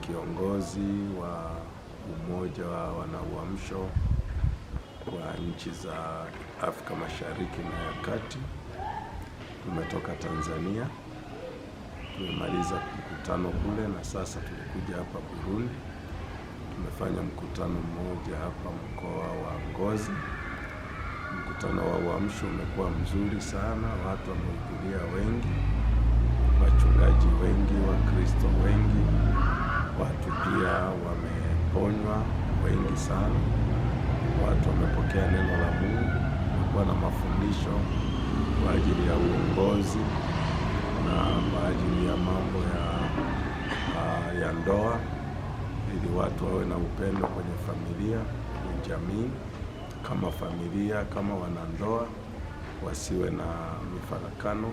kiongozi wa umoja wa wanauamsho wa nchi za Afrika Mashariki na ya Kati. Tumetoka Tanzania, tumemaliza mkutano kule na sasa tulikuja hapa Burundi. Tumefanya mkutano mmoja hapa mkoa wa Ngozi. Mkutano wa uamsho umekuwa mzuri sana, watu wamehudhuria wengi, wachungaji wengi, Wakristo wengi Watu pia wameponywa wengi sana, watu wamepokea neno la Mungu, wamekuwa na mafundisho kwa ajili ya uongozi na kwa ajili ya mambo ya, ah, ya ndoa ili watu wawe na upendo kwenye familia, kwenye jamii, kama familia, kama wanandoa wasiwe na mifarakano.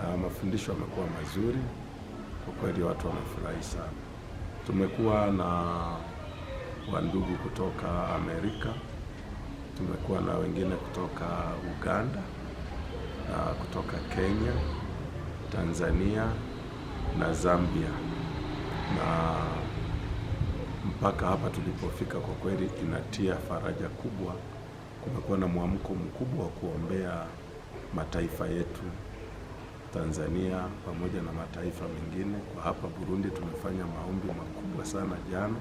Ah, mafundisho yamekuwa mazuri kwa kweli, watu wanafurahi sana. Tumekuwa na wandugu kutoka Amerika, tumekuwa na wengine kutoka Uganda na kutoka Kenya, Tanzania na Zambia na mpaka hapa tulipofika, kwa kweli inatia faraja kubwa. Kumekuwa na mwamko mkubwa wa kuombea mataifa yetu. Tanzania pamoja na mataifa mengine. Kwa hapa Burundi tumefanya maombi makubwa sana jana,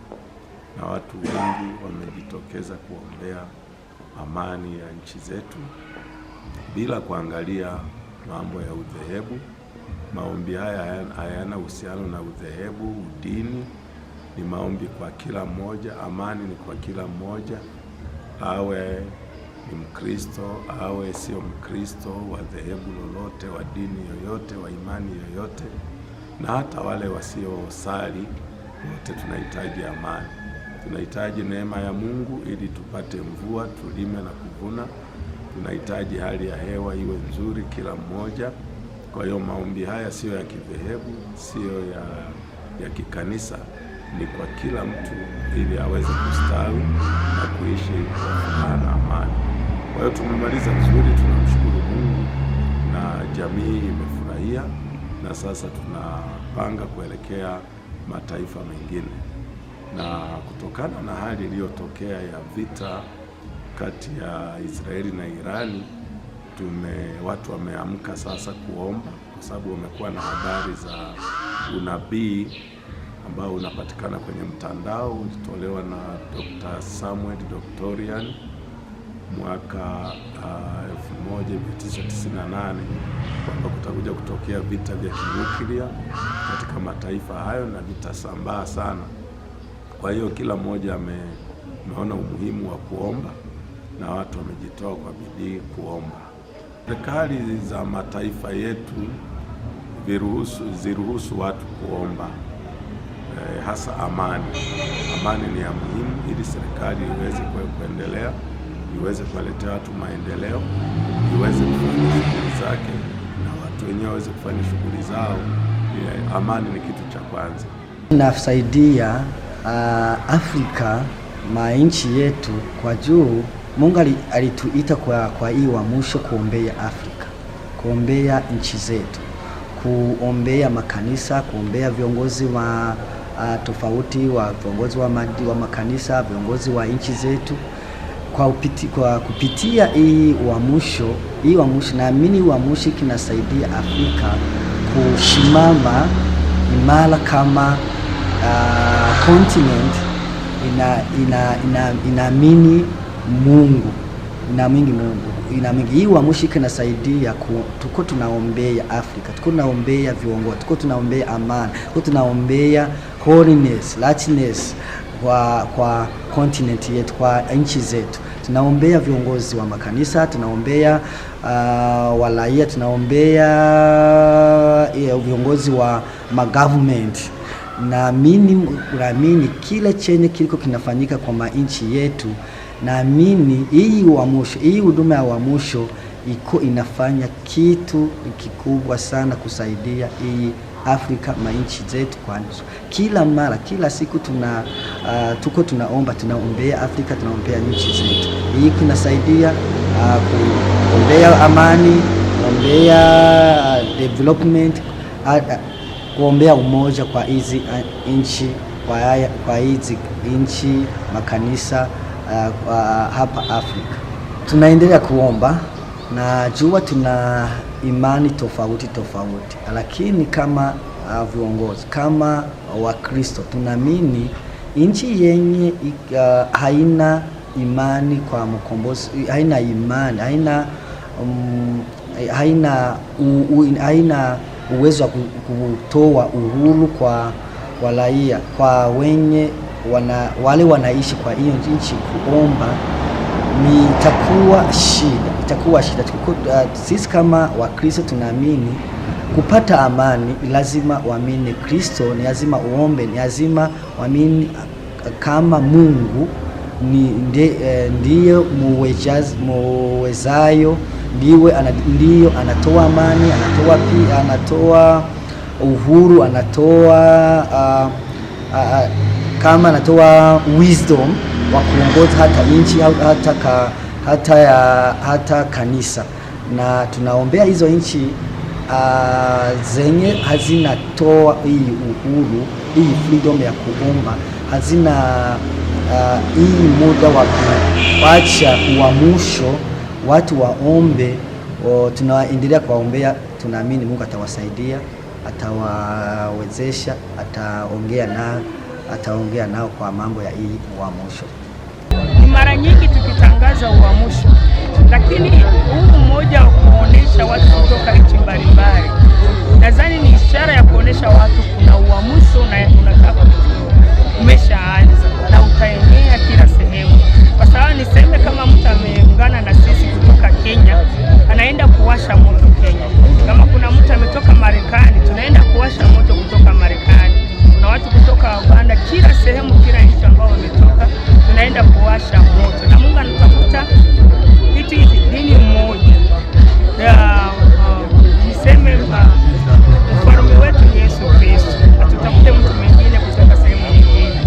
na watu wengi wamejitokeza kuombea amani ya nchi zetu bila kuangalia mambo ya udhehebu. Maombi haya hayana uhusiano na udhehebu, udini. Ni maombi kwa kila mmoja, amani ni kwa kila mmoja, awe ni Mkristo awe sio Mkristo, wa dhehebu yoyote wa dini yoyote wa imani yoyote na hata wale wasiosali wote, tunahitaji amani, tunahitaji neema ya Mungu ili tupate mvua, tulime na kuvuna. Tunahitaji hali ya hewa iwe nzuri kila mmoja. Kwa hiyo maombi haya siyo ya kidhehebu, siyo ya, ya kikanisa, ni kwa kila mtu ili aweze kustawi na kuishi kwa amani. Kwa hiyo tumemaliza vizuri jamii imefurahia, na sasa tunapanga kuelekea mataifa mengine. Na kutokana na hali iliyotokea ya vita kati ya Israeli na Irani, tume watu wameamka sasa kuomba, kwa sababu wamekuwa na habari za unabii ambao unapatikana kwenye mtandao, ulitolewa na Dr. Samuel Doktorian mwaka 1998 uh, kwamba kutakuja kutokea vita vya kinyuklia katika mataifa hayo na vitasambaa sana. Kwa hiyo kila mmoja ameona umuhimu wa kuomba na watu wamejitoa kwa bidii kuomba. Serikali za mataifa yetu viruhusu, ziruhusu watu kuomba eh, hasa amani. Amani ni ya muhimu ili serikali iweze kuendelea iweze kuwaletea watu maendeleo, iweze kufanya shughuli zake na watu wenyewe waweze kufanya shughuli zao. Amani ni kitu cha kwanza. Inasaidia uh, Afrika manchi yetu kwa juu. Mungu alituita kwa, kwa hii wa mwisho kuombea Afrika, kuombea nchi zetu, kuombea makanisa, kuombea viongozi wa uh, tofauti wa viongozi wa, madi, wa makanisa, viongozi wa nchi zetu kwa, upiti, kwa kupitia hii uamsho hii uamsho, naamini uamsho kinasaidia Afrika kushimama imara kama uh, continent inaamini ina, ina, ina Mungu inaamini Mungu inaamini hii uamsho kinasaidia ku, tuko tunaombea Afrika, tuko tunaombea viongozi, tuko tunaombea amani, tuko tunaombea holiness, righteousness kwa, kwa continent yetu, kwa nchi zetu. Tunaombea viongozi wa makanisa, tunaombea uh, walaia, tunaombea uh, viongozi wa magovernment. Naamini naamini kile chenye kiliko kinafanyika kwa manchi yetu, naamini hii uamusho, hii huduma ya uamusho iko inafanya kitu kikubwa sana kusaidia hii Afrika manchi zetu nusu. Kila mara kila siku tuna uh, tuko tunaomba tunaombea Afrika tunaombea nchi zetu. Hii kunasaidia uh, kuombea amani, kuombea uh, development uh, uh, kuombea umoja kwa hizi uh, nchi kwa hizi nchi makanisa uh, uh, hapa Afrika tunaendelea kuomba na jua tuna imani tofauti tofauti, lakini kama uh, viongozi kama Wakristo tunaamini nchi yenye uh, haina imani kwa mkombozi, haina imani, haina um, haina, u, u, haina uwezo wa kutoa uhuru kwa walaia kwa wenye wana, wale wanaishi kwa hiyo nchi, kuomba nitakuwa shida itakuwa shida. Uh, sisi kama Wakristo tunaamini kupata amani lazima uamini Kristo, ni lazima uombe, ni lazima uamini kama Mungu ni eh, ndiyo muwezayo, ndiyo anatoa amani, anatoa pia, anatoa uhuru, anatoa uh, uh, kama anatoa wisdom wa kuongoza hata nchi hata ka hata ya hata kanisa, na tunaombea hizo nchi uh, zenye hazina toa hii uhuru hii freedom ya kuomba hazina uh, hii muda wa kuacha uamusho watu waombe. Tunaendelea kuwaombea, tunaamini Mungu atawasaidia, atawawezesha, ataongea nao, ataongea nao kwa mambo ya hii uamusho mara nyingi kutangaza uamsho, lakini huu mmoja wa kuonesha watu kutoka nchi mbalimbali, nadhani ni ishara ya kuonesha watu kuna uamsho na unataka umeshaanza na utaenea kila sehemu, kwa sababu niseme kama mtu ameungana na sisi kutoka Kenya anaenda kuwasha moto Kenya, kama kuna mtu ametoka Marekani tunaenda kuwasha moto kutoka Marekani, kuna watu kutoka Uganda, kila sehemu, kila nchi ambao wametoka anaenda kuwasha moto, na Mungu anatafuta kitu hizi dini mmoja ya uh, niseme mfalme uh, wetu ni Yesu Kristo, atutafute mtu mwingine kutoka sehemu nyingine.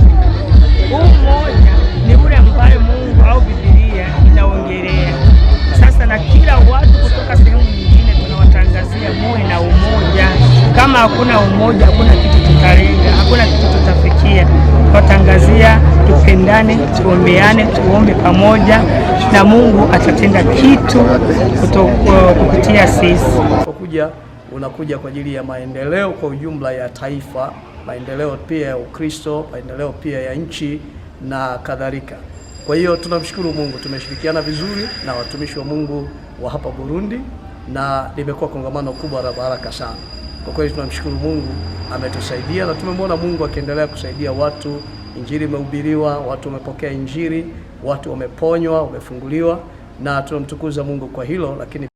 Huu mmoja ni ule ambaye Mungu au Biblia inaongelea sasa, na kila watu kutoka sehemu nyingine tunawatangazia muwe na umoja. Kama hakuna umoja tupendane, tuombeane, tuombe pamoja na Mungu atatenda kitu uh, kupitia sisi. Unakuja unakuja kwa ajili ya maendeleo kwa ujumla ya taifa, maendeleo pia ya Ukristo, maendeleo pia ya nchi na kadhalika. Kwa hiyo tunamshukuru Mungu, tumeshirikiana vizuri na watumishi wa Mungu wa hapa Burundi na limekuwa kongamano kubwa la baraka sana. Kwa kweli tunamshukuru Mungu ametusaidia na tumemwona Mungu akiendelea kusaidia watu Injili imehubiriwa, watu wamepokea Injili, watu wameponywa, wamefunguliwa na tunamtukuza Mungu kwa hilo, lakini